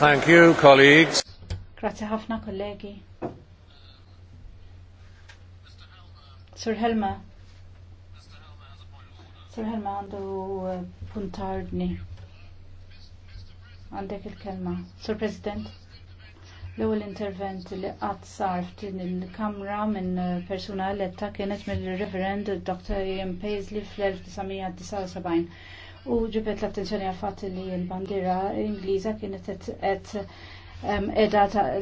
Thank you, colleagues. Grazie ħafna, kollegi. Sir Helma. Sir Helma għandu eh, puntardni. Għandek il-kelma. Sir President, l-ewwel intervent li qatt sar the il-Kamra minn eh, persuna eletta kienet mill referend Dr. Ian Paisley fl-1979 u ġibet l-attenzjoni għal fatt li l-bandira Ingliża kienet qed edha